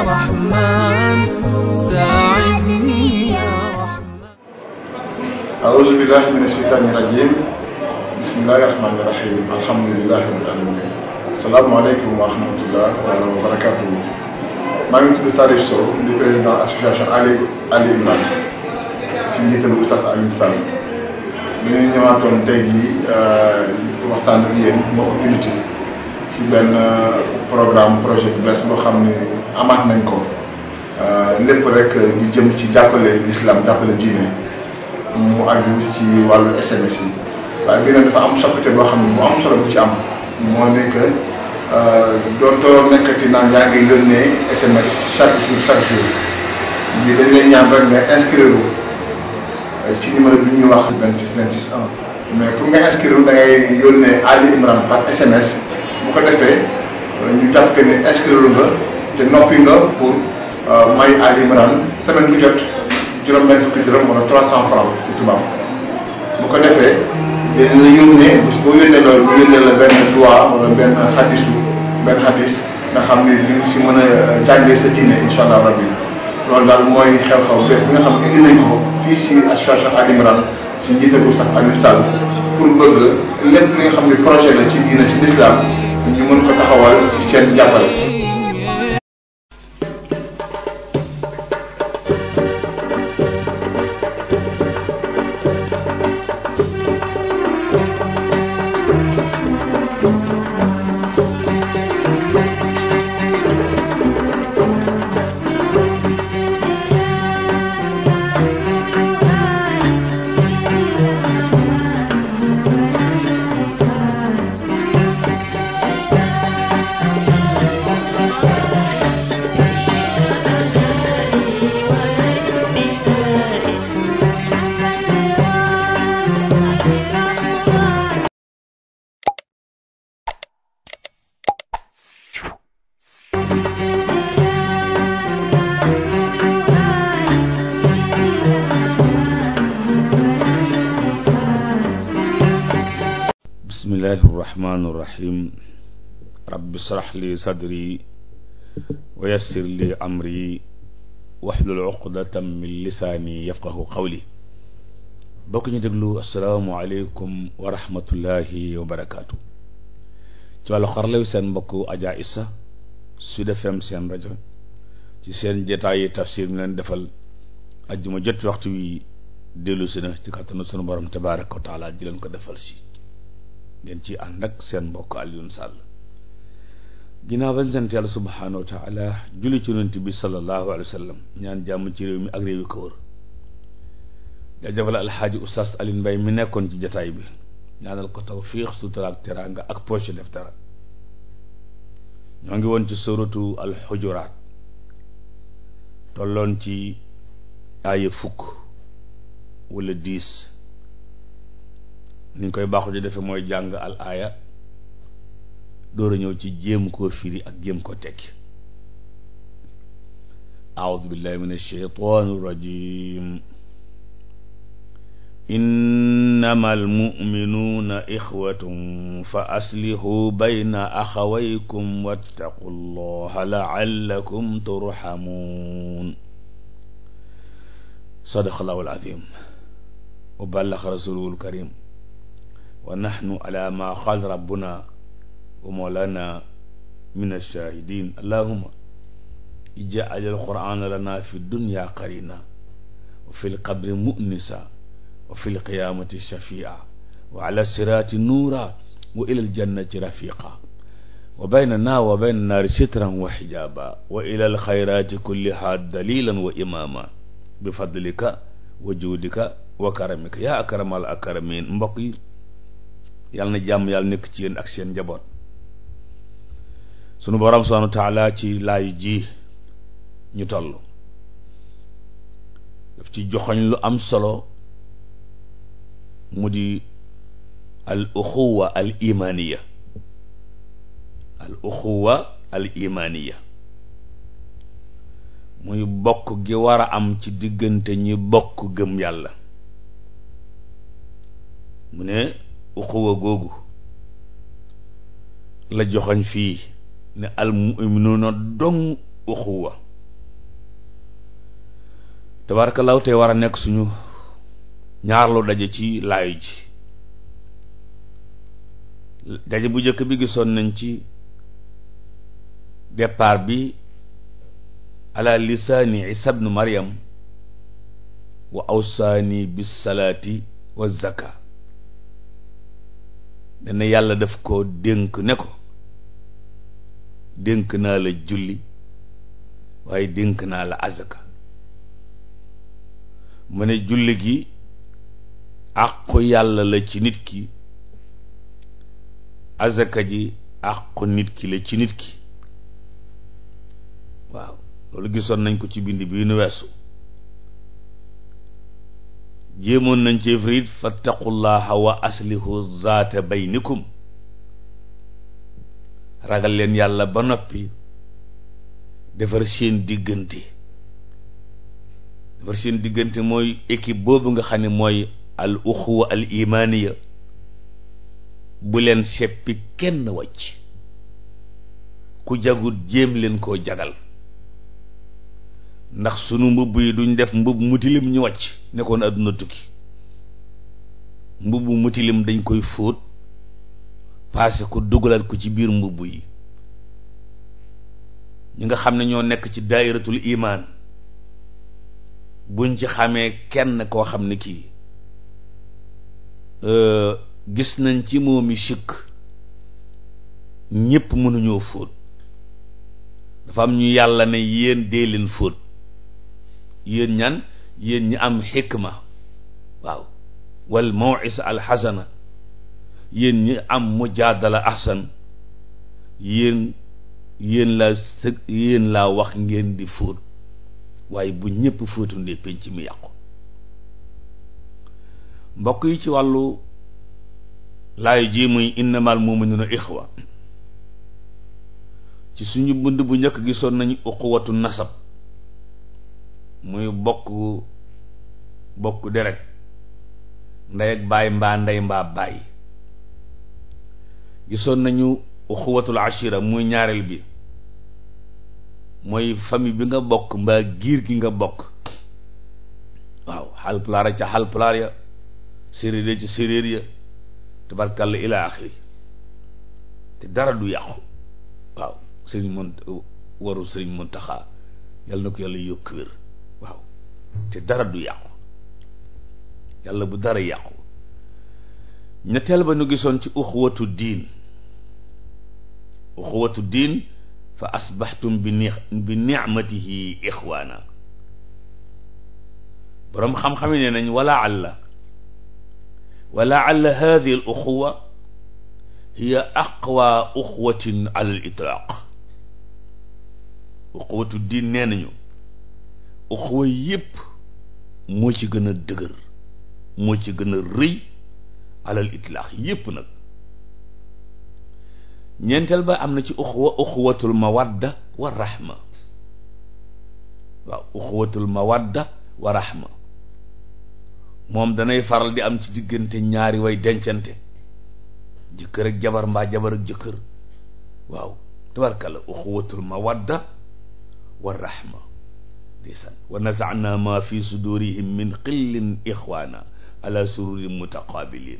يا رحمن ساعدني يا رحمن أعوذ بالله من الشيطان الرجيم بسم الله الرحمن الرحيم الحمد لله رب العالمين asalaamaaleykum wa rahmatulah taala wa barakaatu maa ngi tudd Salif Sow di président association Ali Ali Imran si njiitalu Oustaz Alioune Sall ñu ngi ñëwaatoon tey jii euh, waxtaan ak yéen ma opportunité ci benn euh, programme projet bu bees boo xam ne amaat nañ ko euh, lépp rek ñu jëm ci jàppale lislaam jàppale diine mu aju ci wàllu SMS yi waaye bi nag dafa am soppite boo xam ne mu am solo bu ci am moo nekk euh, dootoo nekkati naan yaa ngi yónnee SMS chaque jour chaque jour ñi dañ lay ñaan rek nga inscrire euh, ci numéro bi ñu wax 26 26 1 mais pour nga inscrire da ngay yónnee Ali Imran par SMS bu ko defee ñu jàpp que ne inscrire ba te noppi nga pour euh, may Aly Imran semaine bu jot juróom-benn fukki dërëm wala 300 francs ci tubaab bu ko defee dinañ la yónnee bés boo yónnee loolu mu yónnee la benn doigt wala benn xadisu benn xadis nga xam ni li si mën a euh, jàngee sa diine incha allah rabbi loolu daal mooy xew-xew bés bi nga xam ne indi nañ ko fii si association Aly Imran si njiitagu sax Aliou Sall pour bëgg lépp li nga xam ne projet la ci diine ci l'islam ñu mën ko taxawal akrim rabbi shrah li sadri wa yassir li amri wahlul uqdatan min lisaani yafqahu qawli bokk ñu déglu asalaamualeykum wa rahmatullahi wa barakaatu ci wàllu xaralaw seen mbokk Adja Issa Sud FM seen rajo ci seen jotaayi tafsir mi leen defal ajjuma jot waxtu wi dellu si na ci kàttanu sunu borom tabaaraka wa taala di leen ko defal si ngeen ci ànd ak seen mbokk Alioune Sall ginnaaw bañ sant yàlla subhaanahu wa taala julli ci yonent bi sallallahu alayhi wa sallam ñaan jàmm mi ak réew yu ko wër alxaaji oustaz Alioune Mbaye mi nekkoon ci jataay bi ñaanal ko tawfiix sutura ak teraanga ak poche def dara ñoo ngi woon ci suratu alxujuraat tolloon ci a fukk wala diis ni ñu koy baaxu di defe mooy jàng al aaya door a ñëw ci jéem koo firi ak jéem koo tekki aoudu billahi min alsheytani irrajim innama almuminuuna ixwatum fa aslihu bayna axawaykum wattaqu llaha laallakum turhamuun sadaqa allahu alazim wa ballaxa rasuluhu alkarim wa nahnu ala ma qaal rabbuna wa mawlana min alshahidin allahuma ij'al alqur'ana lana fi dunya qarina wa fi lqabri mu'nisa wa fi lqiyamati shafi'a wa ala sirati nuura wa ila aljannati rafiqa wa baynana wa bayna naari sitran wa xijaba wa ila alxayrati kulliha dalilan wa imama bifadlika wa juudika wa karamika ya akramal akramin mbokk yi yàlla na jàmm yàlla nekk ci yenn ak seen njaboot sunu borom subhaanahu wa ci laayu ji ñu toll daf ci joxoñ lu am solo mu di al uxuwa al imaaniya al uxuwa al imaaniya muy bokk gi war a am ci diggante ñi bokk gëm yàlla mu ne uxuwa googu la joxoñ fii ne al muminuuna dong te tabaarakallaahu tey war a nekk suñu ñaarlu daje ci laayu ji daje bu njëkk bi gisoon nañ ci départ bi ala lisaani isa bnu maryam wa awsaani bis wa zaka dana yàlla def ko dénk ne ko dénk naa la julli waaye dénk naa la azaka mu ne julli gi àqu yàlla la ci nit ki azaka ji àqu nit ki la ci nit ki waaw loolu gisoon nañ ko ci bind bi nu weesu jéemoon nañ ci fa fattaqullaha wa aslihu zaata baynikum ragal leen yàlla ba noppi defar seen diggante defar seen diggante mooy équipe boobu nga xam ne mooy al uxuwa al imaaniya bu leen seppi kenn wàcc ku jagut jéem leen ko jagal ndax sunu mbubb yi duñ def mbubb mutilim ñu wàcc nekkoon àdduna tukki mbubb mutilim dañ koy fóot paase ko dugalaat ko ci biir mbubb yi ñi nga xam ne ñoo nekk ci daayiratul imaan buñ ci xamee kenn koo xam ne kii euh, gis nañ ci moomi sikk ñépp mënuñoo fóot dafa am ñu yàlla ne yéen dee leen fóot yéen ñan yéen ñi am xikma waaw wal mawisa alxasana yéen ñi am mujaadala ahsan yéen yéen laa sëg yéen laa wax ngeen di fóot waaye bu ñëpp fóotundee penc mi yàqu mbokk yi ci wàllu laay ji muy innamal muminuna ixwa ci suñu bund bu njëkk gisoon nañu uquwatu nasab muy bokk bokk deret ndey ak baay mbaa ndey mbaa baay gisoon nañu uxuwatul ashira muy ñaareel bi mooy famille bi nga bokk mbaa giir gi nga bokk waaw xalpulaar a ca xalpulaar ya séeréer ya ca séeréer ya tabarkàlla ilaa axiri te dara du yàqu waaw sëriñ mun waru sëriñ Muntaxa yàlla na ko yàlla yokk wér waaw te dara du yàqu yàlla bu dara yàqu ñetteel ba nu gisoon ci uxwatu diin uxwatu diin fa asbaxtum bi ni bi nicmatihi ixwaana boroom xam-xam yi ne nañ wala alla wala alla hadihi al uxwa hiya aqwa uxwatin ala al itlaq uxwatu diin nee nañu uxuwa yépp moo ci gën a dëgër moo ci gën a rëy alal itlaax yépp nag ñeenteel ba am na ci uxuwa uxuwatul mawadda wa rahma waaw uxuwatul mawadda wa rahma moom danay faral di am ci diggante ñaari way dencante jëkkër ak jabar mbaa jabar ak jëkkër waaw tabarkalla uxuwatul mawadda wa rahma ndeysaan wa nazaana ma fi sudurihim min xillin ixwaana ala sururin mutaqabilin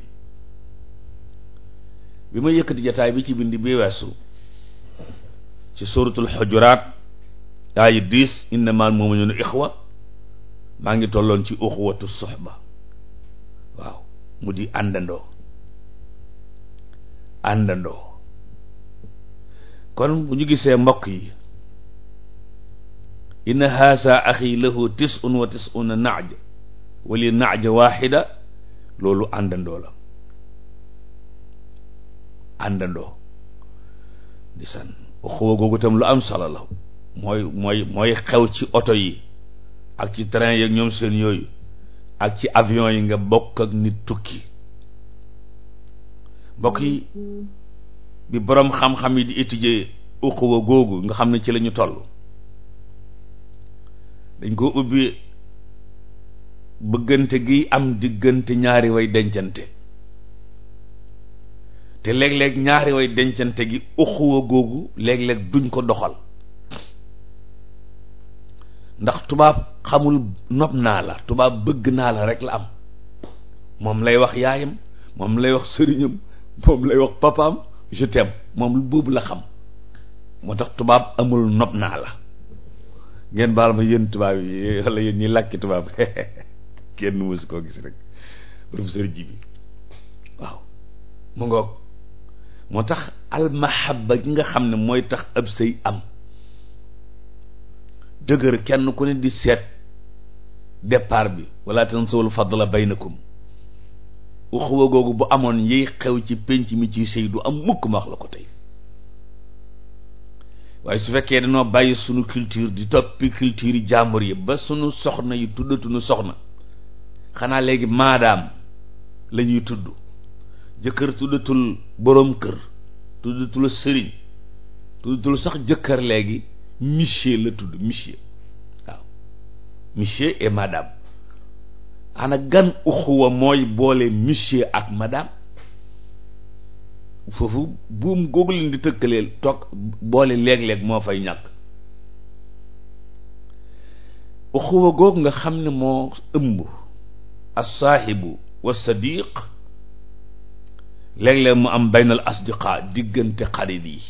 bi ma yëkkati jataay bi ci bind bi weesu ci suratul xujuraat aayu dix innamal muminuuna ixwa maa ngi tolloon ci uxwatu soxba waaw mu di àndandoo àndandoo kon bu ñu gisee mbokk yi inna haasa axi lahu tisun wa tisuna naaj wali naaj waaxida loolu àndandoo la àndandoo di san uxuwa googu tam lu am solo la mooy mooy mooy xew ci oto yi ak ci train yeeg ñoom seen yooyu ak ci avion yi nga bokk ak nit tukki mbokk yi bi boroom xam-xam yi di étudier uxuwa googu nga xam ne ci lañu toll dañ ko ubbi bëggante gi am diggante ñaari way dencante te léeg-léeg ñaari way dencante gi uxuwa googu léeg-léeg duñ ko doxal ndax tubaab xamul nopp naa la tubaab bëgg naa la rek la am moom lay wax yaayam moom lay wax sëriñam moom lay wax papaam je t'aime moom boobu la xam moo tax tubaab amul nopp naa la ngeen baal ma yéen tubaab yi wala yéen ñi làkki tubaab kenn mësu koo gis rek professeur Jibi waaw mu ngoog moo tax almahabba gi nga xam ne mooy tax ab sëy am dëgër kenn ku ne di seet départ bi wala tansawul fadla baynakum uxuwa googu bu amoon yiy xew ci pénc mi ci sëy du am mukk ma wax la ko tey waaye su fekkee dañoo bàyyi sunu culture di toppi culture jàmbur yi ba sunu soxna yi tuddatunu soxna xanaa léegi maadaam la ñuy tudd jëkkër tuddatul boroom kër tuddatul sëriñ tuddatul sax jëkkër léegi monsieur la tudd monsieur waaw monsieur et madame ana gan uxuwa mooy boole monsieur ak madame foofu buum googu leen di tëkkaleel toog boole léeg-léeg moo fay ñàkk uxuwa googu nga xam ne moo ëmb assaahibu wa sadiq léeg-léeg mu am baynal asdiqa diggante xarit yi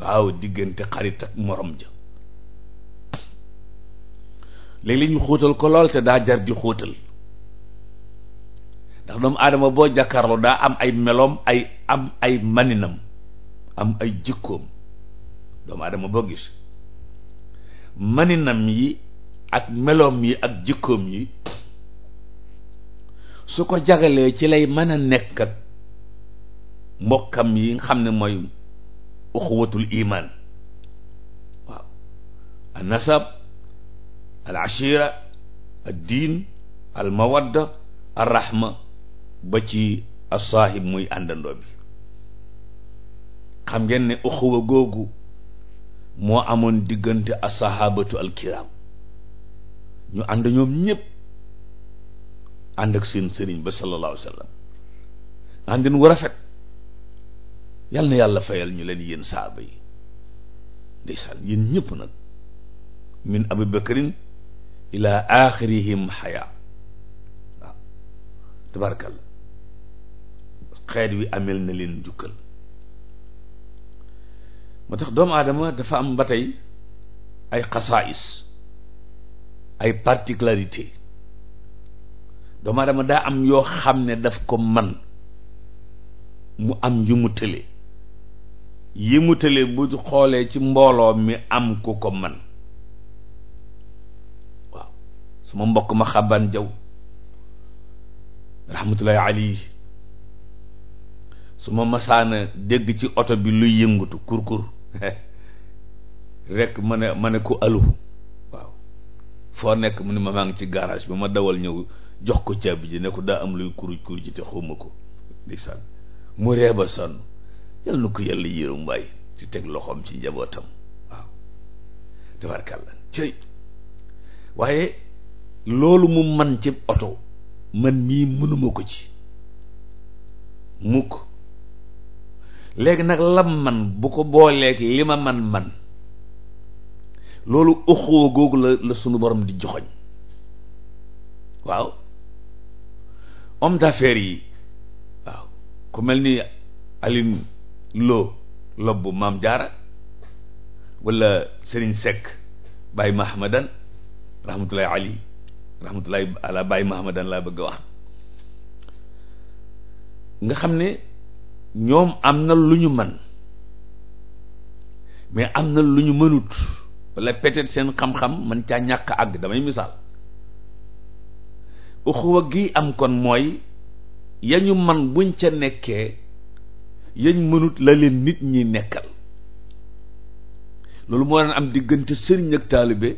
waaw diggante xarit ak morom ja léeg-léeg ñu xóotal ko lool te daa jar di xóotal ndax doomu aadama boo jàkkaarloo daa am ay meloom ay am ay maninam am ay jikkoom doomu aadama boo gis maninam yi ak meloom yi ak jikkoom yi su ko jagalee ci lay mën a nekk ak mbokkam yi nga xam ne mooy uxuwatul iman waaw al nasab al ashira ad diin al mawadda al rahma ba ci asaaxib muy àndandoo bi xam ngeen ne uxuwa googu moo amoon diggante asahabatu alkiram ñu ànd ñoom ñëpp ànd ak seen sëriñ ba sallallahu alayhi wa sallam àndin wu rafet yal na yàlla fayal ñu leen yéen saaba yi ndeysaan yéen ñëpp nag min abu bakrin ila axirihim xayaa waaw tabarakalla xeet wi amel na leen njukkal moo tax doomu aadama dafa am ba tey ay xasaais ay particularité doomu aadama daa am yoo xam ne daf ko man mu am yu mu tële yi mu tële bu xoolee ci mbooloo mi am ku ko man waaw sama mbokk ma xaban jaw rahmatullahi alayhi su ma masaana dégg ci oto bi luy yëngutu kur-kur rek ma ne ma ne ko alu waaw foo nekk mu ne ma maa ngi ci garage bi ma dawal ñëw jox ko caabi ji ne ko daa am luy kuruj kuruj ji te xawma ko ndeysaan mu reeba sonn yal na ko yàlla yërëm waay ci teg loxoom ci njabootam waaw tabarkàlla cëy waaye loolu mu man ci oto man mii mënuma ko ci mukk léegi nag lam man bu ko booleeg li ma man man loolu uxoo googu la la sunu borom di joxoñ waaw homme d'affaires yi waaw ku mel ni Aline Lo lobbu maam jaara wala Serigne Seck Baye Mahamadan rahmatullahi ali rahmatullahi ala Baye Mahamadan laa bëgg a wax nga xam ne ñoom am na lu ñu mën mais am na lu ñu mënut wala peut seen xam-xam man caa ñàkk àgg damay misaal uxuwa gi am kon mooy ya ñu man buñ ca nekkee yañ mënut la leen nit ñi nekkal loolu moo daan am diggante sëriñ ak taalibe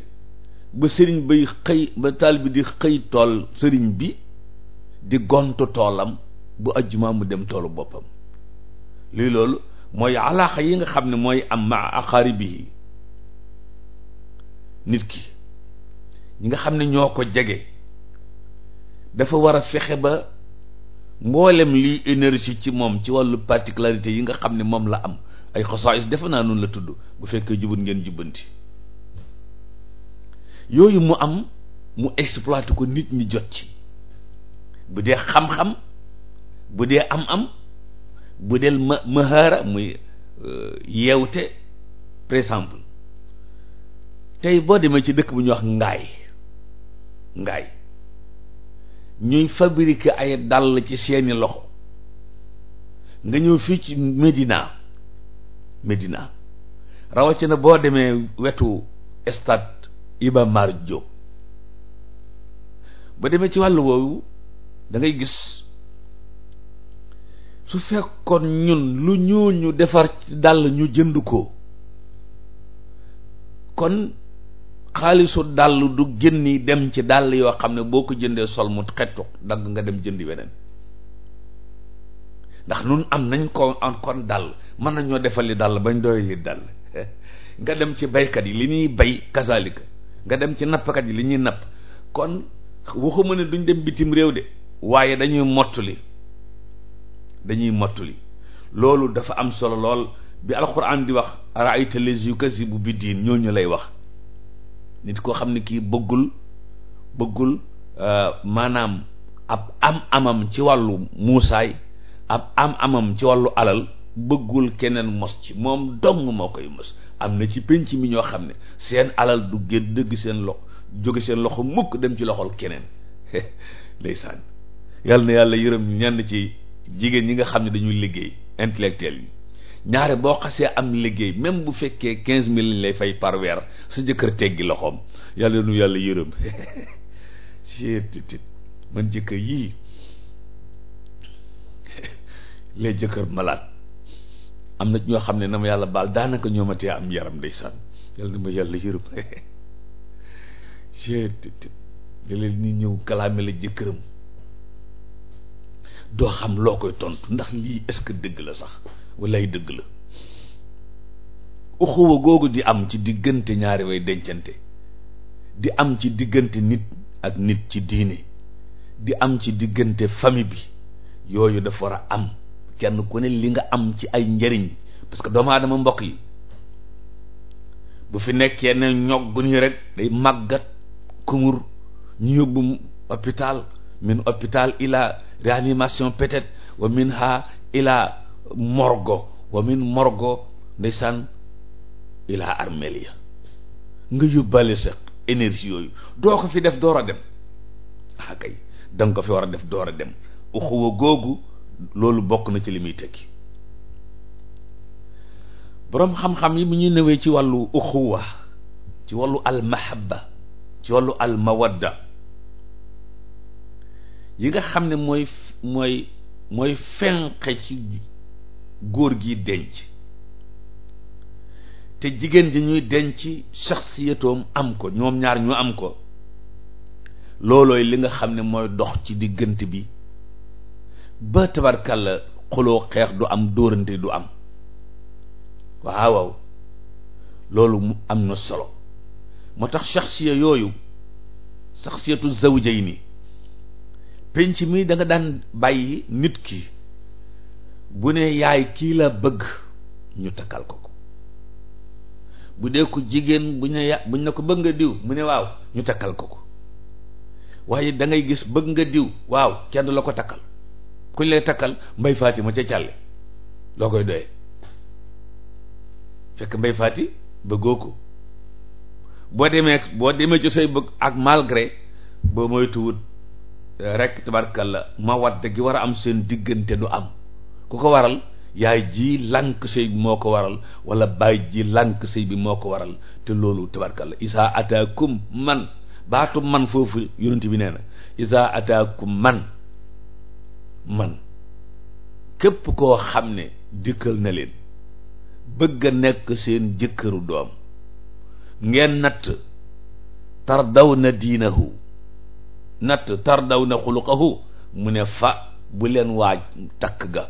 ba sëriñ bay xëy ba di xëy tool sëriñ bi di gontu toolam bu ajjumaa mu dem toolu boppam luy loolu mooy alaaxa yi nga xam ne mooy am ma aqaaribihi nit ki ñi nga xam ne ñoo ko jege dafa war a fexe ba mboolem liy énergie ci moom ci wàllu particularité yi nga xam ne moom la am ay xosaayis defa naa noonu la tudd bu fekkee jubut ngeen jubbanti yooyu mu am mu exploité ko nit ñi jot ci bu dee xam-xam bu dee am-am bu del ma mahaara muy euh, yeewte par exemple tey boo demee ci dëkk bu ñuy wax ngaay ngaay ñuy fabriquer ay dàll ci seeni loxo nga ñëw fii ci Medina Medina rawatina boo demee wetu stade Iba Mar Diop ba demee ci wàll woowu dangay gis su fekkoon ñun lu ñooñu defar ci dàll ñu jënd ko kon xaalisu dàll du génni dem ci dàll yoo xam ne boo ko jëndee sol mu xettu dagg nga dem jënd weneen ndax nun am nañ ko kon dàll mën nañoo defali dàll bañ doy li dàll nga dem ci baykat yi li ñuy bay kasaalika nga dem ci nappkat yi li ñuy napp kon waxuma ne duñ dem bitim réew de waaye dañuy mottali dañuy mottuli loolu dafa am solo lool bi alxuraan di wax araayta les yukasibu bi diin ñooñu lay wax nit koo xam ne kii bëggul bëggul euh, maanaam ab am amam ci wàllu muusaay ab am amam ci wàllu alal bëggul keneen mos ci moom dong moo koy mos am na ci penc mi ñoo xam ne seen alal du gén dëgg seen lox jóge seen loxo mukk dem ci loxol keneen ndeysaan yàlla na yàlla yërëm ñenn ci jigéen ñi nga xam ne dañuy liggéey intellectuel yi ñaare boo xasee am liggéey même bu fekkee quinze mille lañ lay fay par sa jëkkër teggi loxoom yàlla nu yàlla yërëm seetitit man jëkkër yii am na ñoo xam ne na ma yàlla baal daanaka ñoo ma yaram ndeysaan yàlla na ma yàlla yërëm seetitit leen ñëw kalaame la jëkkëram doo xam loo koy tontu ndax lii est-ce que dëgg la sax wallaay dëgg la uxuwa googu di am ci diggante ñaari way dencante di am ci diggante nit ak nit ci diine di am ci diggante famille bi yooyu dafa war a am kenn ku ne li nga am ci ay njariñ parce que doomu mbokk yi bu fi nekkee ne ñog nii rek day màggat kumur ñu yóbbu hôpital min hôpital ila réanimation peut-être wa min ha ila morgo wa min morgo ndeysaan ila armel ya nga yóbbaale sa énergie yooyu doo ko fi def door a dem ah kay da ko fi war a def door a dem uxuwa googu loolu bokk na ci li muy tekki boroom xam-xam yi mu ñuy newee ci wàllu uxuwa ci wàllu almahabba ci wàllu almawadda yi nga xam ne mooy mooy mooy fenqe ci góor gi denc te jigéen ji ñuy denc saxsiyatoom am ko ñoom ñaar ñu am ko loolooy li nga xam ne mooy dox ci diggante bi ba tabarkàlla xuloo xeex du am dóorante du am waaw waaw loolu mu am na solo moo tax saxsiya yooyu saxsiyatu zawjayni penc mi danga daan bàyyi nit ki bu ne yaay kii la bëgg ñu takkal ko ko bu dee ko jigéen bu ñu ya- bu ñu ne ko bëgg nga diw mu ne waaw ñu takkal ko ko waaye dangay gis bëgg nga diw waaw kenn du la ko takkal kuñ lay takkal mbay Fatima ca càlle loo koy doyee fekk mbay Fati bëggoo ko boo demee boo demee ci say bëgg ak malgré boo moytuwut rek tabarkalla mawadda gi war a am seen diggante du am ku ko waral yaay ji lànk sëy bi moo ko waral wala baay ji lànk sëy bi moo ko waral te loolu tabarkalla isa ataakum man baatu man foofu yonent bi nee na isa ataakum man man képp koo xam ne dikkal na leen bëgg a nekk seen jëkkëru doom ngeen natt tardaw na diinahu natt tardaw na xuluqahu mu ne fa bu leen waaj takk ga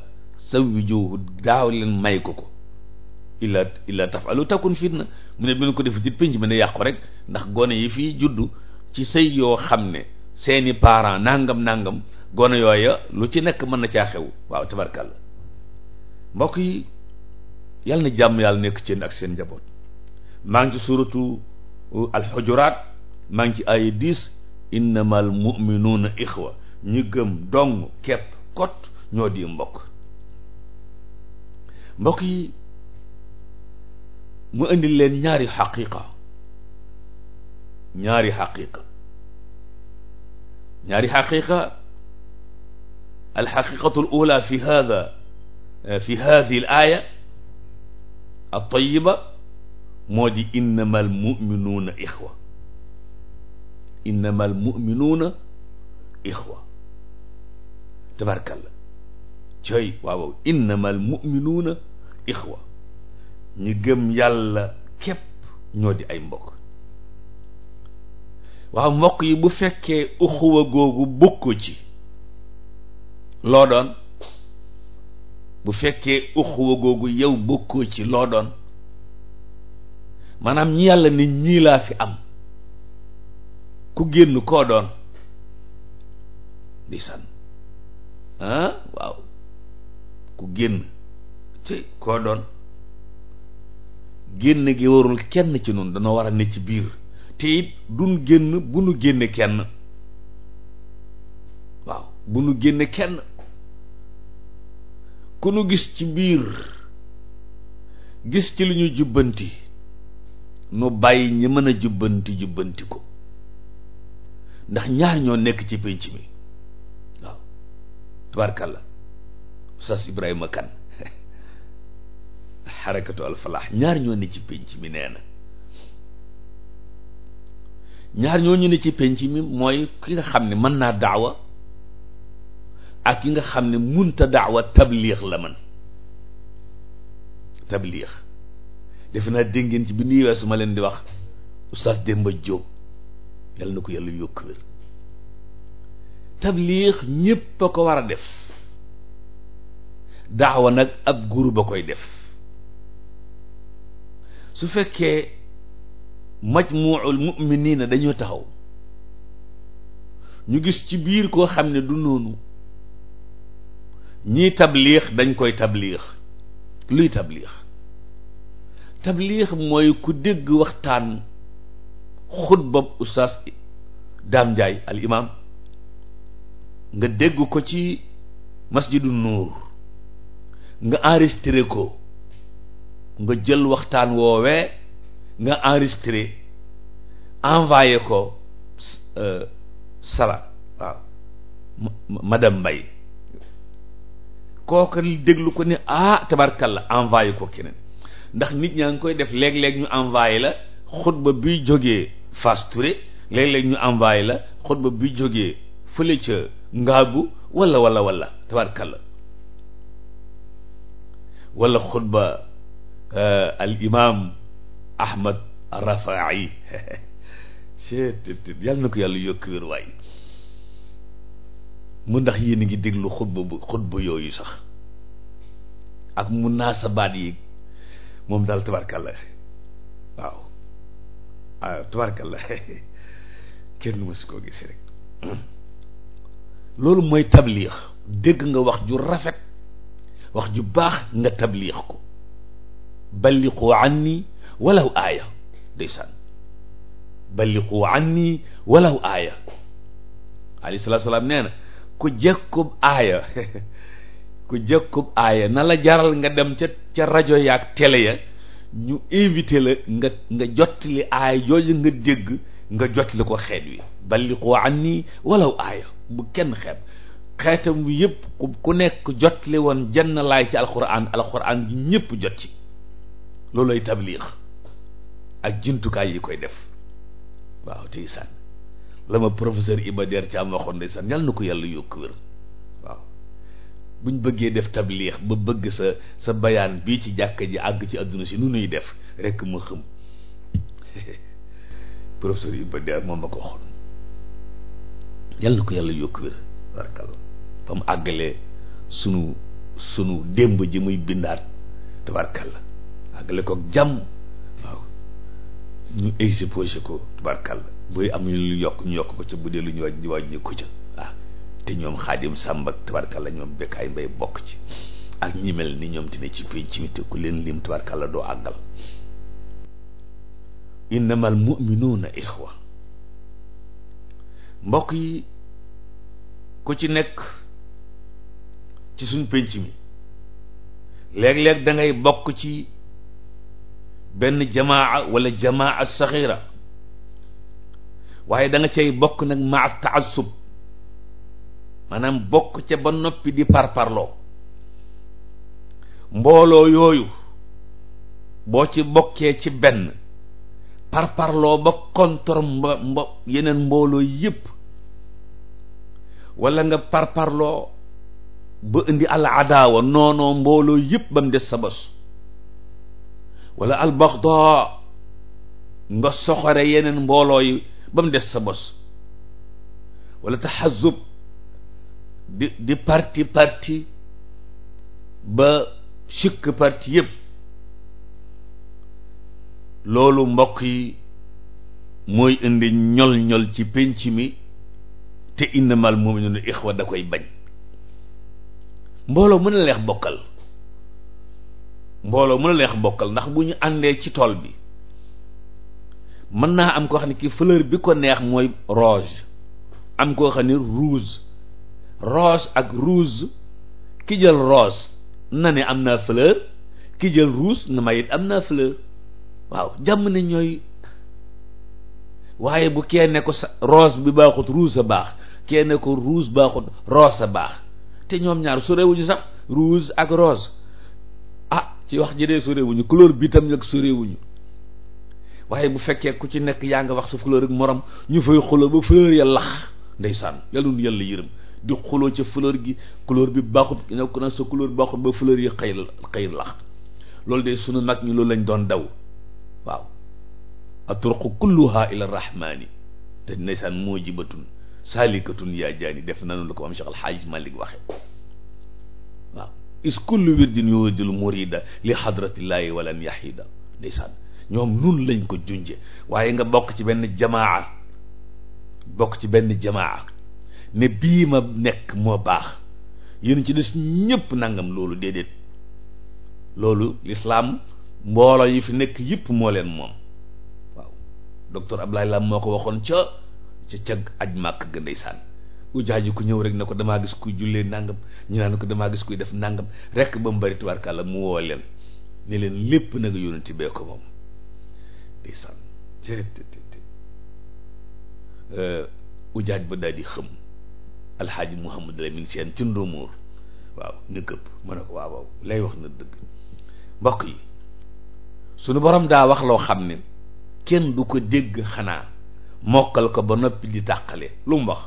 sawwijuhu daaw leen may ko ko illa illa tafalu takun fitna mu ne bu ko def ci pénc mi ne yàqu rek ndax gone yi fi juddu ci sëy yoo xam ne seeni parents nangam nangam gone yooya lu ci nekk mën na caa xew waaw tabarkàlla mbokk yi yàlla na jàmm yàlla nekk ci ak seen njaboot maa ngi ci suuratu alxujuraat maa ci ay 10 innamal muminuuna ixwa ñu gëm dong kepp kot ñoo di mbokk mbokk yi mu indi leen ñaari xaqiqa ñaari xaqiqa ñaari xaqiqa alxaqiqatu al ula fi hada fi hadihi al aya al tayiba moo di innama al muminuuna ixwa innama al muminuuna ixwa tabarkalla cëy waaw innama al muminuuna ixwa ñi gëm yàlla képp ñoo di ay mbokk waaw mbokk yi bu fekkee uxuwa googu bokku ci loo doon bu fekkee uxuwa googu yow bokkoo ci loo doon maanaam ñi yàlla ne ñii laa fi am ku génn koo doon di san ah waaw ku génn ci koo doon génn gi warul kenn ci nun danoo war a ne ci biir te it duñ génn bu nu génne kenn waaw bu nu génne kenn ku nu gis ci biir gis ci lu ñu jubbanti nu bàyyi ñi mën a jubbanti jubbanti ko ndax ñaar ñoo nekk ci pénc mi waaw tabaarkàlla sas Ibrahima kan xarakatu alfalaax ñaar ñoo ne ci pénc mi nee na ñaar ñoo ñu ne ci pénc mi mooy ki nga xam ne mën naa daawa ak ki nga xam ne munta daawa tabliix la man tabliix defe naa dégg ci bi nuy weesu ma leen di wax oustaz Demba Diop yàlla na ko yàlla yokk tabliix ñépp a ko war a def daawa nag ab guru ba koy def su fekkee majmuul muminina dañoo taxaw ñu gis ci biir koo xam ne du noonu ñii tabliix dañ koy tabliix luy tabliix tabliix mooy ku dégg waxtaan xutbab oustaz Dame Ndiaye al imam nga dégg ko ci masjidu nuur nga enregistré ko nga jël waxtaan woowee nga enregistré envoyé ko euh, sala waaw madame Mbaye kooku déglu ko ne ah la envoyé ko keneen ndax nit ñaa ngi koy def léeg-léeg ñu envoyé la xutba bi jógee fas Touré léeg-léeg ñu envoyé la xutba bi jógee fële ca ngaabu wala wala wala tabarkalla wala xutba euh, al imaam Ahmad Rafai seet yàlla na ko yàlla yokk wér waay mu ndax yéen ngi déglu xutba bu xutba yooyu sax ak munaasabaat yi moom daal tabarkalla waaw ah tubaarkalla kenn mësu koo gis rek loolu mooy tabliix dégg nga wax ju rafet wax ju baax nga tabliix ko balliqu anni walaw aaya ndeysaan balliqu anni walaw aaya alayhi salaam nee ku jekkub aaya ku jekkub aaya na la jaral nga dem ca ca rajo yaak télé ya ñu invité la nga nga jottali aaya jooju nga dégg nga jottali ko xeet wi balliqu ni walaw aaya bu kenn xeeb xeetam wi yëpp ku nekk jottali woon jenn laay ci alquran alquran gi ñëpp jot ci loolu loolay tabliix ak jumtukaay yi koy def waaw tey sànn la ma professeur Iba Der Thiam waxoon ndeysaan yàlla na ko yàlla yokk wér buñ bëggee def tabliix ba bëgg sa sa bayaan bii ci jàkka ji àgg ci àdduna si nu nuy def rekk ma xëm professeur Iba Der moom ma ko waxoon yàlla ko yàlla yokk wér barkalo ba mu àggalee sunu sunu démb ji muy bindaat tabarkalla àggale ko jàmm waaw ñu exposé ko tabarkalla buy am ñu lu yokk ñu yokk ko ca bu dee lu ñu wàññi wàññi ko ca te ñoom xaadim sàmba ak tubaarkalla ñoom bekkaay mbay bokk ci ak ñi mel ni ñoom dina ci pénc mi te ku leen lim tubaarkalla doo àggal innamal mu'minuuna ixwa mbokk yi ku ci nekk ci suñ pénc mi léeg-léeg da bokk ci benn jamaa walla jamaa saxira waaye da nga cay bokk nag maa taasub maanaam bokk ca ba noppi di parparloo mbooloo yooyu boo ci bokkee ci benn parparloo ba contre mba yeneen mbooloo yépp wala nga parparloo ba indi al adaawa noonoo mbooloo yépp ba mu des sa bos wala al baxdaa nga soxore yeneen mbooloo yi ba mu des sa bos wala taxazub di di parti parti ba sikk parti yëpp loolu mbokk yi mooy indi ñol ñol ci pénc mi te innamal mu'minuna ixwa da koy bañ mbooloo mën a leex bokkal mbooloo mën a leex bokkal ndax bu ñu àndee ci tool bi mën naa am koo xam ne ki fleur bi ko neex mooy roge am koo xam ne rouge rose ak rouge ki jël rose na ne am naa fleur ki jël rouge na ma it am naa fleur waaw jàmm ne ñooy waaye bu kee ne ko rose bi baaxut rouge baax kee ne ko rouge baaxut rose sa baax te ñoom ñaar sorewuñu sax rouge ak rose ah ci wax ji dee sorewuñu couleur bi tam nag sorewuñu waaye bu fekkee ku ci nekk yaa nga wax sa couleur ak morom ñu fay xoolal ba fleur ya lax ndeysaan yàlla nu yàlla yërëm di xuloo ca fleur gi couleur bi baaxut ki ko sa couleur baaxut ba fleur yi xëy xëy la loolu de sunu mag ñi loolu lañ doon daw waaw atruqu kulluha ila rahmani te ndeysaan moo jibatun ya yaa jaani def na noonu la ko am Cheikh Al Hadj Malick waxe waaw is kullu wirdin yuridul murida li xadratillahi walan yahida ndeysaan ñoom nun lañ ko junje waaye nga bokk ci benn jamaa bokk ci benn jamaa ne bii ma nekk moo baax yéen ci des ñëpp nangam loolu déedéet loolu lislaam mbooloo yi fi nekk yëpp moo leen moom waaw docteur Abdoulaye Lam moo ko waxoon ca ca ca aj màkk ga ndeysaan ujaaji ku ñëw rek ne ko damaa gis kuy jullee nangam ñu naan ko damaa gis kuy def nangam rek ba mu bari tubaarkàlla mu woo leen leen lépp na nga yónent bee ko moom ndeysaan ujaaj ba daal di xëm alxaaji Mouhamad Lamine Sène ci Ndóomóor waaw ñu këpp ma ne ko waaw waaw lay wax na dëgg mbokk yi suñu borom daa wax loo xam ne kenn du ko dégg xanaa mokkal ko ba noppi di tàqale lu mu wax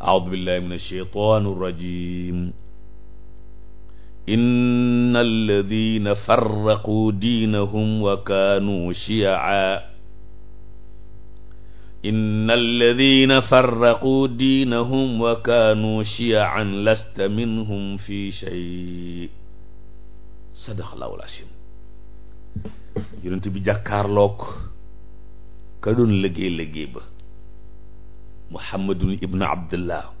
aoudu billahi min alsheytan arrajim inna alladina farraqu diinahum wa kaanu chiyaa inna alladina farraqu diinahum wa kaanu chiyaan lasta minhum fi shay sadaqallaahu l-aziim yonent bi jàkkaarloog ka doon liggéey liggéey ba Muhammadun ibnu Abdullah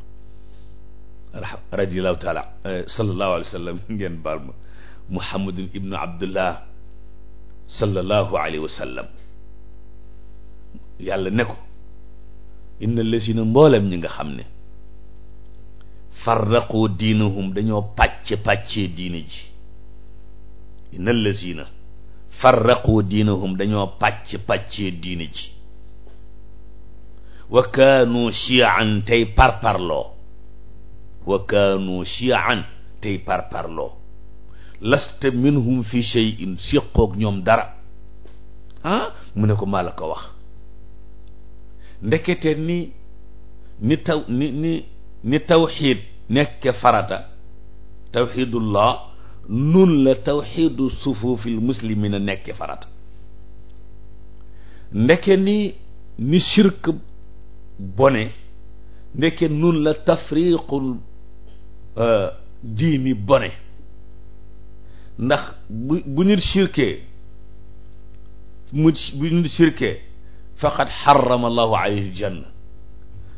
radiyallaahu taala eh, sallallahu alayhi wa sallam ngeen baal ma Muhammadun ibnu Abdullah sallallahu alayhi wa sallam yàlla ne ko inna lesina mboolem ñi nga xam ne farraqu diinahum dañoo pàcce pàccee diine ji inna lesina farraqu diinahum dañoo pàcce pàccee diine ji wa kaanu chiaan tey parparloo wa kaanu chiaan tey parparloo lasta minhum fi shay'in séqoog ñoom dara ah mu ne ko maa la ko wax ndekete ni ni taw ni ni ni tawxiid nekk farata tawxiidullah nun la tawxiidu sufuufil muslimina nekk farata ndeke ni ni shirk bone ndeke nun la tafriqul euh, diini bone ndax bu bu nit shirkee mu bu nit shirkee faqad xarama allahu alayhi janna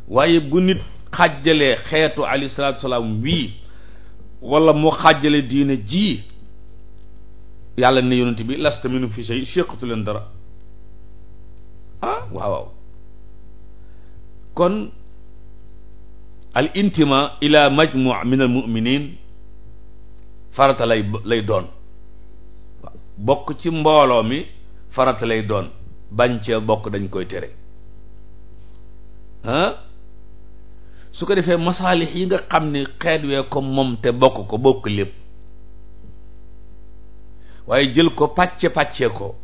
waaye bu nit xàjjalee xeetu alayhi salaatu salaam wii wala mu xàjjale diine ji yàlla ne yonent bi lasta minhum fi shay séqatu leen dara ah waaw kon al intima ila majmu min al muminin farata lay lay doon bokk ci mbooloo mi farata lay doon bañ cee bokk dañ koy tere su ko defee masaalix yi nga xam ni xeet wee ko moom te bokk ko bokk lépp waaye jël ko pàcce pàcce ko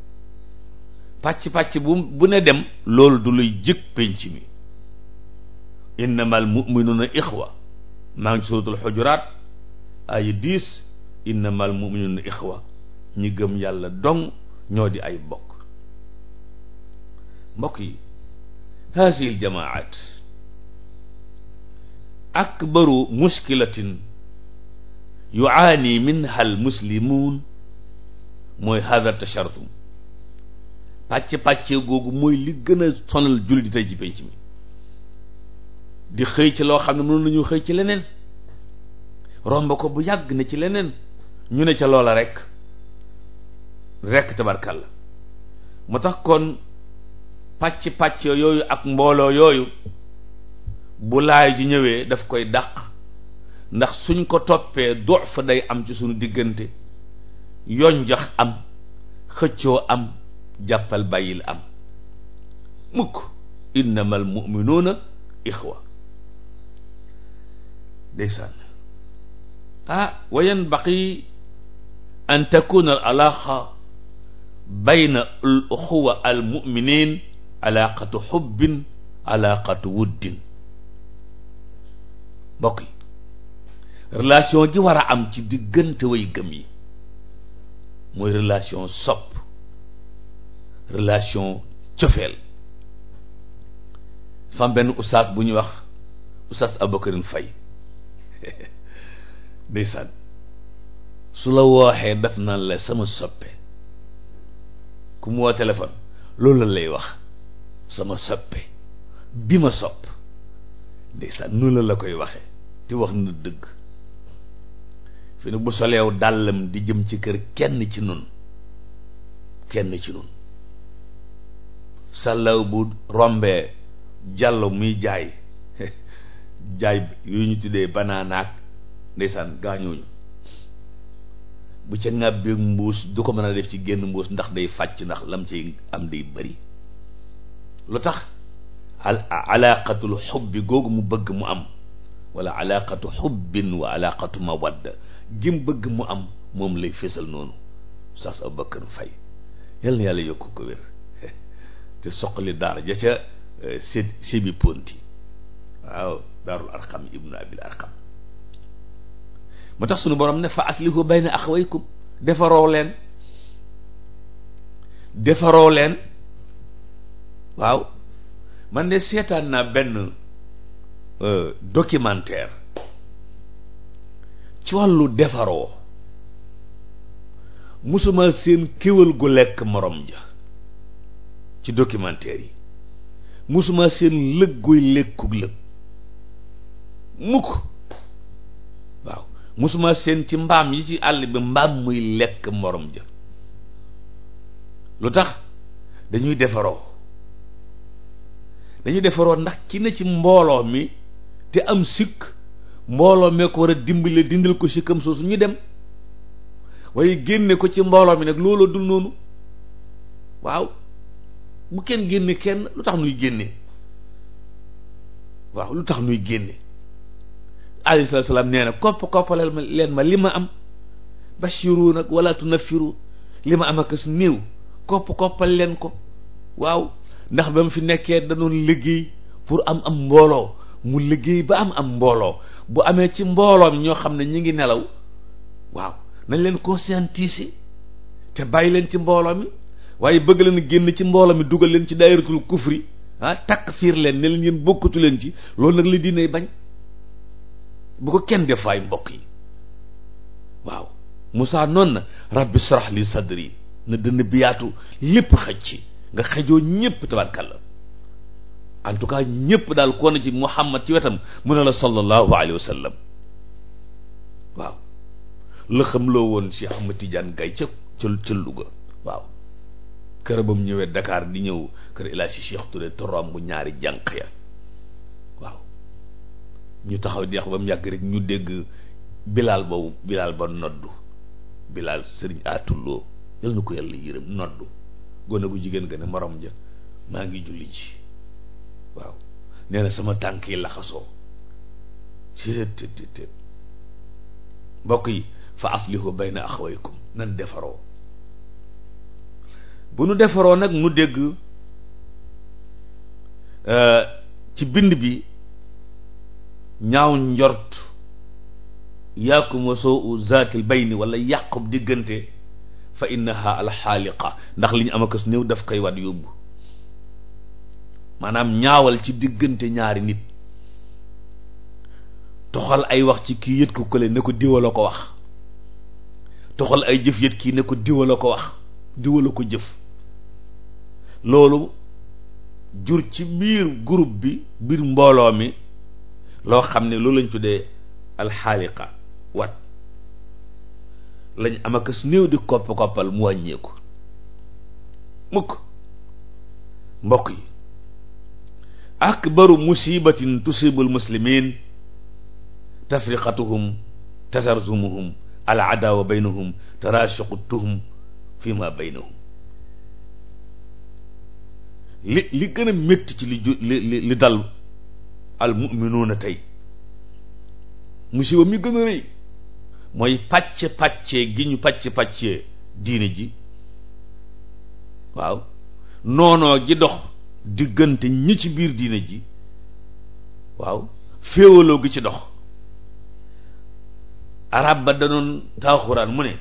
pàcc pàcc bu bu ne dem loolu du luy jëkk pénc mi innamal na ixwa maa ngi suratul xujuraat ay diis innamal mu'minuuna ixwa ñi gëm yàlla dong ñoo di ay bokk mbokk yi haadihi aljamaat akbaru mushkilatin yuaani minha almuslimuun mooy hada tashartum pàcce-pàcce googu mooy li gën a sonal jullit di tey ci penc di xëy ci loo xam ne mënoon nañu xëy ci leneen romb ko bu yàgg na ci leneen ñu ne ca loola rekk rek tabarkàlla moo tax kon pàcc pàcc yooyu ak mbooloo yooyu bu laay ji ñëwee daf koy dàq ndax suñ ko toppee doo fa day am ci suñu diggante yoon jox am xëccoo am jàppal bàyyil am mukk innamal mu'minuuna ixwa ndeysaan ah wa an takuna al bayna al uxuwa al muminin alaaqatu xubbin alaaqatu wuddin mbokk relation ji war a am ci diggante way gëm yi mooy relation sopp relation cofeel fam benn ustaas bu ñuy wax ustaas fay Faye ndeysaan su la wooxee daf naan la sama soppe ku mu woo téléphone loolu la lay wax sama soppe bi ma sopp ndeysaan noonu la la koy waxe te wax na dëgg fi ne bu soleew dàllam di jëm ci kër kenn ci nun kenn ci nun sàllaw bu rombee jàllo muy jaay jaay yu ñu tuddee banaanaak ndeysaan gaañooñu bu ca ngàbbeek mbuus du ko mën a def ci génn mbuus ndax day fàcc ndax lam ci am day bëri lu tax al alaaqatul xubbi googu mu bëgg mu am wala alaaqatu xubbin wa alaaqatu mawadda gim bëgg mu am moom lay fésal noonu sas Abubakar Fay yal na yàlla yokk ko wér te soqali daara ja ca si eh, sibi ponti waaw daarul arqam ibnu abil arqam ma tax sunu borom ne fa aslihu bayna axawaykum defaroo leen defaroo leen waaw man de seetaan naa benn euh, documentaire ci wàllu defaroo musuma seen kéwal gu lekk morom ja ci documentaire yi musuma seen lëg guy lekkug lëg mukk waaw musuma seen ci mbaam yi ci àll bi mbaam muy lekk morom ja lu tax dañuy defaroo dañuy defaroo ndax ki ne ci mbooloo mi te am sikk mbooloo mee ko war a dimbale dindal ko sikkam soosu ñu dem waaye génne ko ci mbooloo mi nag looloo dul noonu waaw bu kenn génne kenn lu tax nuy génne waaw lu tax nuy génne alayhi salaam nee na kopp koppaleel leen ma li ma am bashiru nag wala tunafiru li ma am akas niiw kopp koppal leen ko waaw ndax ba mu fi nekkee da liggéey pour am am mbooloo mu liggéey ba am am mbooloo bu amee ci mbooloom ñoo xam ne ñu ngi nelaw waaw nañ leen conscientiser te bàyyi leen ci mbooloo mi waaye bëgg leen génn ci mbooloo mi dugal leen ci daayiratul kufri ah takk fiir leen ne leen yéen bokkatu leen ci loolu nag li diine bañ bu ko kenn def waay mbokk yi waaw Moussa noon na rabbi sarax li sadri na dënn bi yaatu lépp xëcc nga xejoo ñëpp tabarkàlla en tout cas ñëpp daal koo na ci muhammad ci wetam mu ne la sallallahu alayhi wa sallam waaw la xam loo woon Cheikh Ahmad Tidiane Gaye ca ca ca waaw kër ba mu ñëwee Dakar di ñëw kër El Hadj Cheikh Touré torom bu ñaari jànq ya waaw ñu taxaw di wax ba mu yàgg rek ñu dégg bilaal boobu bilaal ba noddu bilaal sëriñ aatulloo yal na ko yàlla yërëm noddu gone gu jigéen ga ne morom ja maa ngi julli ji waaw nee na sama tànk yi laxasoo téet téet téet mbokk yi fa aslihu bayna axawaykum nan defaroo bu nu defaroo nag mu dégg euh, ci bind bi ñaaw njort yaaku ma soo u zaatil bayni wala yàqub diggante fa innaha alxaaliqa ndax li ñu am akas néew daf koy wat yóbbu maanaam ñaawal ci diggante ñaari nit toxal ay wax ci kii yët ko kële ne ko diwala ko wax toxal ay jëf yët ki ne ko diwala ko wax diwala ko jëf loolu jur ci biir groupe bi biir mbooloo mi loo xam ne loolu lañ tuddee alxaaliqa wat lañ am ak néew di kopp-koppal mu wàññeeku mukk mbokk yi akbaru musibatin tusibul muslimin tafriqatuhum tasarjumuhum al adawa baynahum tarashuqu tuhum fi ma baynahum li li gën a métti ci li ju li li dal al muminuuna tey musiba mi gën a rëy mooy pàcc-pàccee gi ñu pàcc-pàccee diine ji waaw noonoo gi dox diggante ñi ci biir diine ji waaw féewaloo gi ci dox arab ba danoon taaxuraan mu ne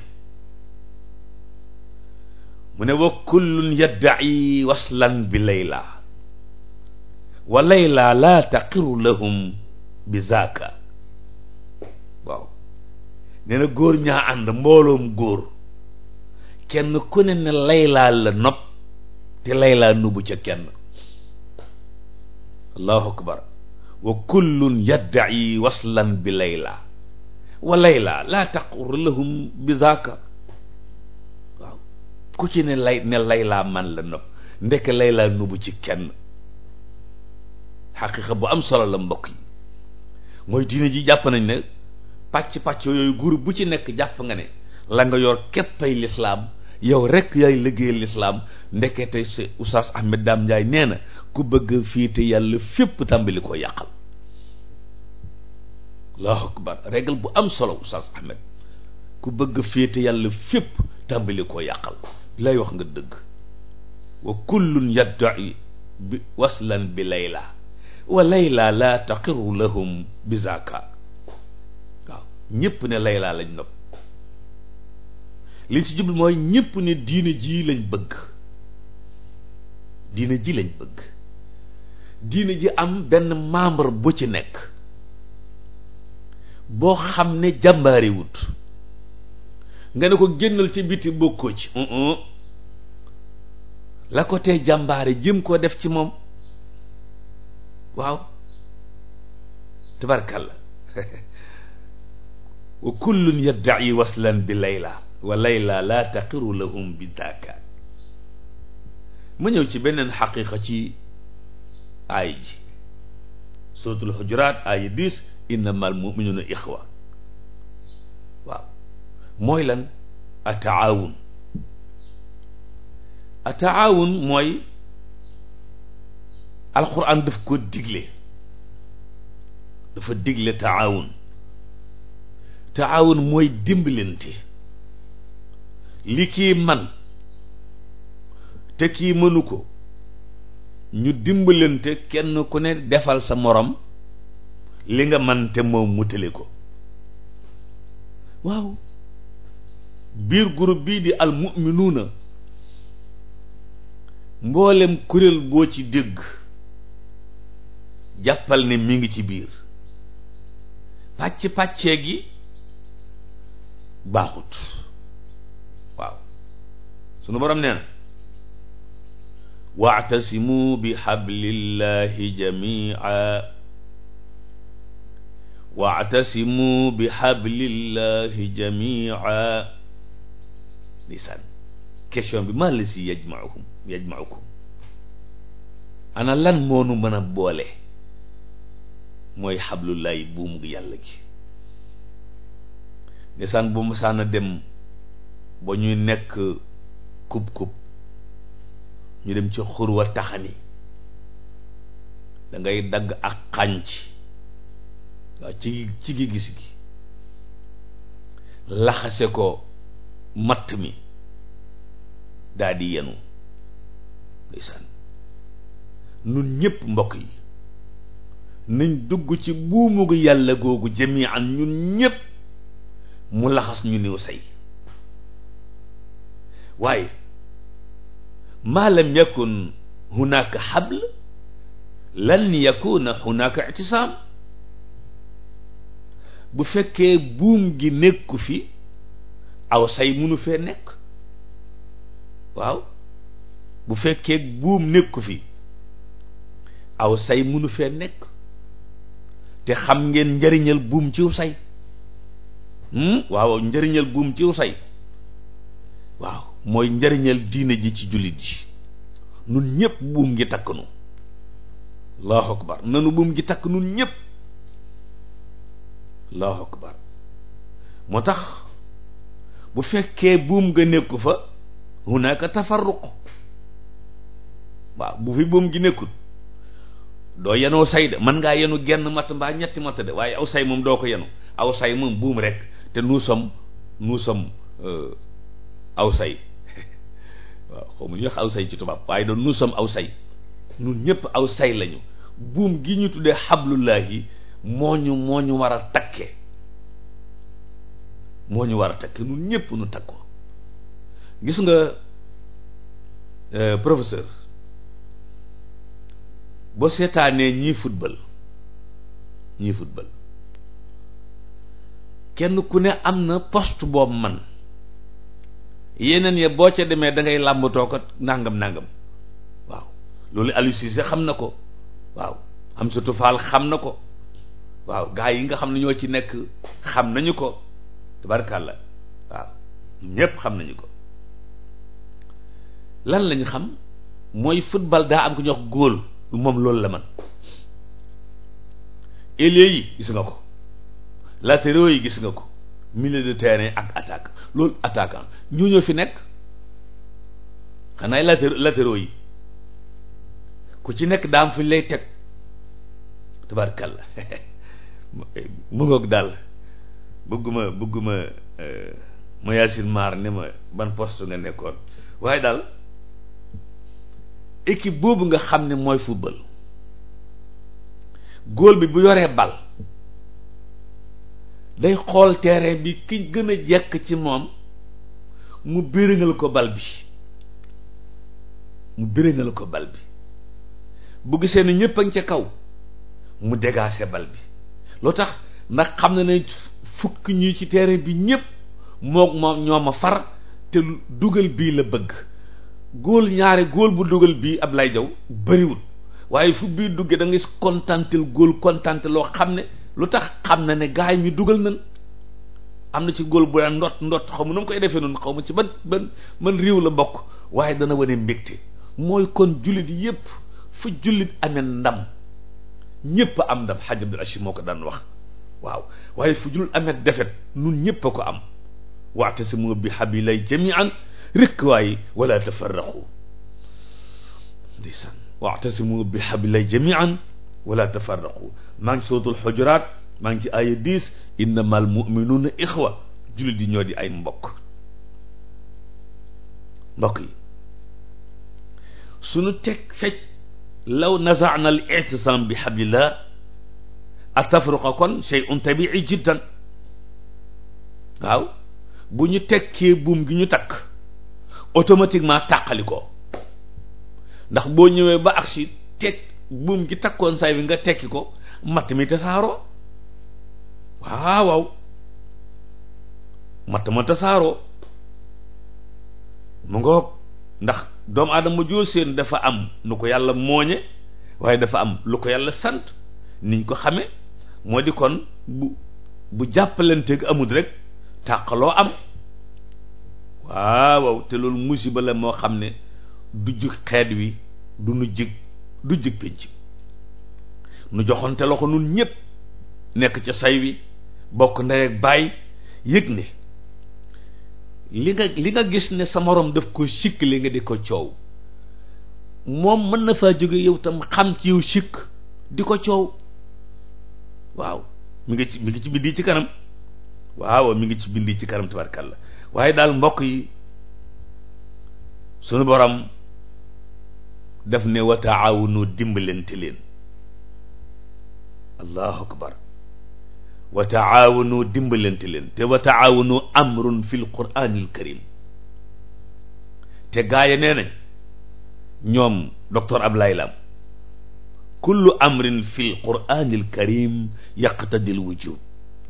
mu ne wa kullun yaddaci waslan bi layla wa layla laa taqiru lahum bi zaaka nee góor ñaa ànd mbooloom góor kenn ku ne ne laylaa la nopp te laylaa nubu ca kenn allahu akbar wa kullun yaddaci waslan bi layla wa layla laa taqur lahum bi zaaka waaw ku ci ne lay ne laylaa man la nopp ndekk laylaa nubu ci kenn xaqiqa bu am solo la mbokk yi mooy diine ji jàpp nañ ne pàcc pàcc yooyu groupe bu ci nekk jàpp nga ne la nga yor képpay lislaam yow rek yaay liggéeyal lislaam ndekete si oustaz Ahmed Dame Ndiaye nee na ku bëgg fii te yàlla fépp tàmbali bu am solo ku bëgg féete yàlla fépp tàmbali koo yàqal lay wax nga dëgg wa kullun yaddai bi waslan bi layla wa layla laa taqiru lahum bi zaka ñëpp ne laylaa lañ nopp liñ ci jublu mooy ñëpp ni diine ji lañ bëgg diine ji lañ bëgg diine ji am benn membre bu ci nekk boo xam ne jàmbaariwut nga ne ko génnal ci biti bokkoo ci la ko tee jàmbaari jëm koo def ci moom waaw tabarkalla wa kullun yaddaci waslan bi layla wa layla laa taqiru lahum bi daaka ma ñëw ci beneen xaqiqa ci aay ji suratul xujuraat aaya dix innamal muminuna ixwa waaw mooy lan ataawun ataawun mooy alquran daf ko digle dafa digle taawun taawun mooy dimbalante li kii man te kii mënu ko ñu dimbalante kenn ku ne defal sa morom li nga man te moom mu tële ko waaw biir groupe bii di al mu'minuuna mboolem kuréel boo ci dégg jàppal ne mi ngi ci biir pàcc pàccee gi baaxut waaw sunu borom nee na waatasimu bi xablillahi jamia waatasimu bi xablillahi jamia lisaan question bi maa la si ana lan moonu mën boole mooy xablullaay buum yàlla gi ndeysaan bu musaan a dem ba ñuy nekk kub-kub ñu dem ci xurwa taxani da ngay dagg ak xànc waaw ci ci gi gis gi laxase ko matt mi daa di yenu ndeysaan nun ñépp mbokk yi nañ dugg ci buumu gi yàlla googu jamian ñun ñépp mu laxas ñu niw say waaye maa lam yakun hunaka xabl lan yakuna hunaka ictisaam bu fekkee buum gi nekku fi aw say munu fee nekk waaw bu fekkee buum nekku fi aw say munu fee nekk te xam ngeen njariñal buum ciw say Hmm? waaw njëriñal buum ciw say waaw mooy njariñal diine ji ci jullit ji nun ñëpp buum ngi takk nu allahu gi takk nun ñépp allahu akbar moo tax bu fekkee buum nga nekku fa hunaka tafarruq waaw bu fi buum gi nekkul doo yenoo say de mën ngaa yenu genn matt mbaa ñetti matt de waaye aw say moom doo ko yenu aw say moom buum rek te nous sommes euh, aw say waaw xaw ma ñu aw say ci tubaab waaye doon nous sommes aw say ñun ñëpp aw say lañu buum gi ñu tuddee xablullaahi moo ñu moo ñu war a takke moo ñu war a takke ñun ñëpp ñu takko gis nga euh, professeur boo seetaanee ñii football ñii football kenn ku ne am na poste boobu man yeneen ya boo ca demee dangay ngay ko nàngam nàngam waaw loolu Aliou Cissé xam na ko waaw am surtout Fall xam na ko waaw gaa yi nga xam ne ñoo ci nekk xam nañu ko tabarkàlla waaw ñépp xam nañu ko lan lañu xam mooy football daa am ku ñuy wax moom loolu la man ailier yi gis nga ko latéraux yi gis nga ko milieu de terrain ak attaque loolu attaquant ñoo ñoo fi nekk xanaa latér latéraux yi ku ci nekk daam fu ñu lay teg tabarkalla mu ngoog daal bëgguma bëgguma euh, ma yaasin maar ne ma ban poste nga nekkoon waaye daal équipe boobu nga xam ne mooy football góol bi bu yoree bal day xool terrain bi ki gën a jekk ci moom mu biriŋal ko bal bi mu biriŋal ko bal bi bu gisee ni ñëpp a ngi ca kaw mu dégaase bal bi loo tax ndax xam na ne fukk ñi ci terrain bi ñépp mook moom ñoo ma far te dugal bii la bëgg góor ñaari góor bu dugal bii Ablaye Diaw bëriwul waaye fu bii duggee da ngay kontantil góol kontante loo xam ne lu tax xam na ne gaay mi dugal nañ am na ci góol bu daan ndott ndott xaw ma nu koy defee noonu xaw ma ci ban ban man réew la bokk waaye dana wone mbégte mooy kon jullit yépp fu jullit amee ndam ñépp am ndam xaj Abdul Aziz moo ko daan wax waaw waaye fu jullit amee defet nun ñépp ko am wa'tasimu bi hablillah jami'an rek waaye wala tafarraqu ndeysaan wa'tasimu bi hablillah jami'an wala tafarraqu maa ngi maa ngi ci ay dix innamal muminuuna ixwa jullit di ñoo di ay mbokk mbokk yi suñu teg fecc law nazana al ictisam bi hablillah a tafruqa kon shay'un tabi'i jiddan waaw bu ñu tekkee buum gi ñu takk automatiquement tàqali ko ndax boo ñëwee ba agsi teg buum gi takkoon say bi nga tekki ko matt mi tasaaroo waaw matt ma tasaaroo mu ngoog ndax doomu aadama joo seen dafa am nu ko yàlla mooñe waaye dafa am lu ko yàlla sant niñ ko xame moo di kon bu bu jàppalanteeg amul rek tàqaloo am waaw waaw te loolu musiba moo xam ne du jug xeet wi du nu jig du jig pénc nu joxante loxo nun ñépp nekk ca say wi bokk ndey ak baay yëg ne li nga li nga gis ne sa moroom daf ko sikk li nga di ko coow moom mën na faa jóge yow tam xam ci yow sikk di ko coow waaw mu ngi ci mi ngi ci bindi ci kanam waaw mi ngi ci bindi ci kanam tabarkàlla waaye daal mbokk yi sunu borom daf ne wa taawunu dimbalante leen allahu akbar wa taawunu dimbalante leen te wa taawunu amrun fil quraanil te gaaya nee ñoom docteur Ablaye Lam kullu amrin fil quraanil karim yaqtadil wujub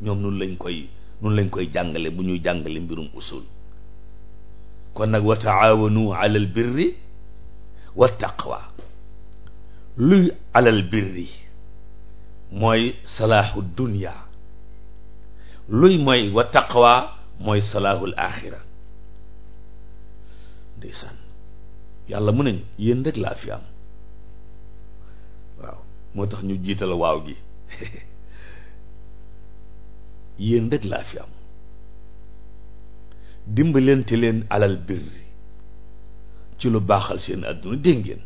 ñoom nun lañ koy nun lañ koy jàngale bu ñuy jàngale mbirum usul kon nag wa taawanu alal birri wa taqwa luy alal birri mooy salaahu dunya luy mooy wa taqwa mooy salaahul axira yàlla mu nañ yéen rek laa fi am waaw moo tax ñu jiital waaw gi yéen rek laa fi am dimbalante leen alal birri ci lu baaxal seen àdduna dégg ngeen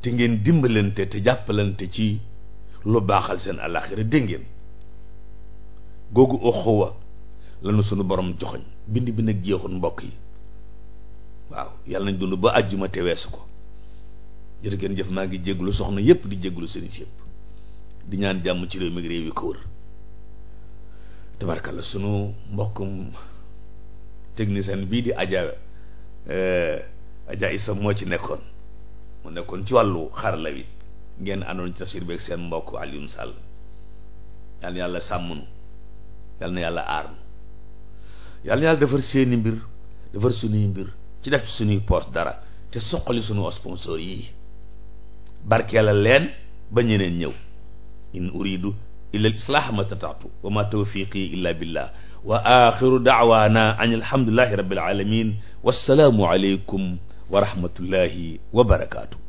te ngeen dimbalante te jàppalante ci lu baaxal seen alaxira dégg ngeen googu uxuwa lanu sunu boroom joxoñ bind bi nag jeexul mbokk yi waaw yàlla nañ dund ba àjjuma te weesu ko jërë ngeen jëf maa ngi jéglu soxna yépp di jéglu sëriñ si yépp di ñaan jàmm ci réew mi ak yi ko wër tabarkalla sunu mbokkum technicien bii di ajawe Eh, Adja Issa moo ci nekkoon moo nekkoon ci wàllu xarala wi ngeen àndoon ci tafsir beeg seen mbokk Alioune Sall yal yàlla sàmm nu yàlla aar nu yàlla defar seeni mbir defar suñuy mbir ci def ci suñuy poste dara te soqali suñu sponsor yii barkeela leen ba ñeneen ñëw in uridu illa al ma tataatu wa ma tawfiqi illa billah wa axiru daawaana an alhamdulillahi rabbil alamin wassalaamu aleykum wa rahmatullahi wa barakaatu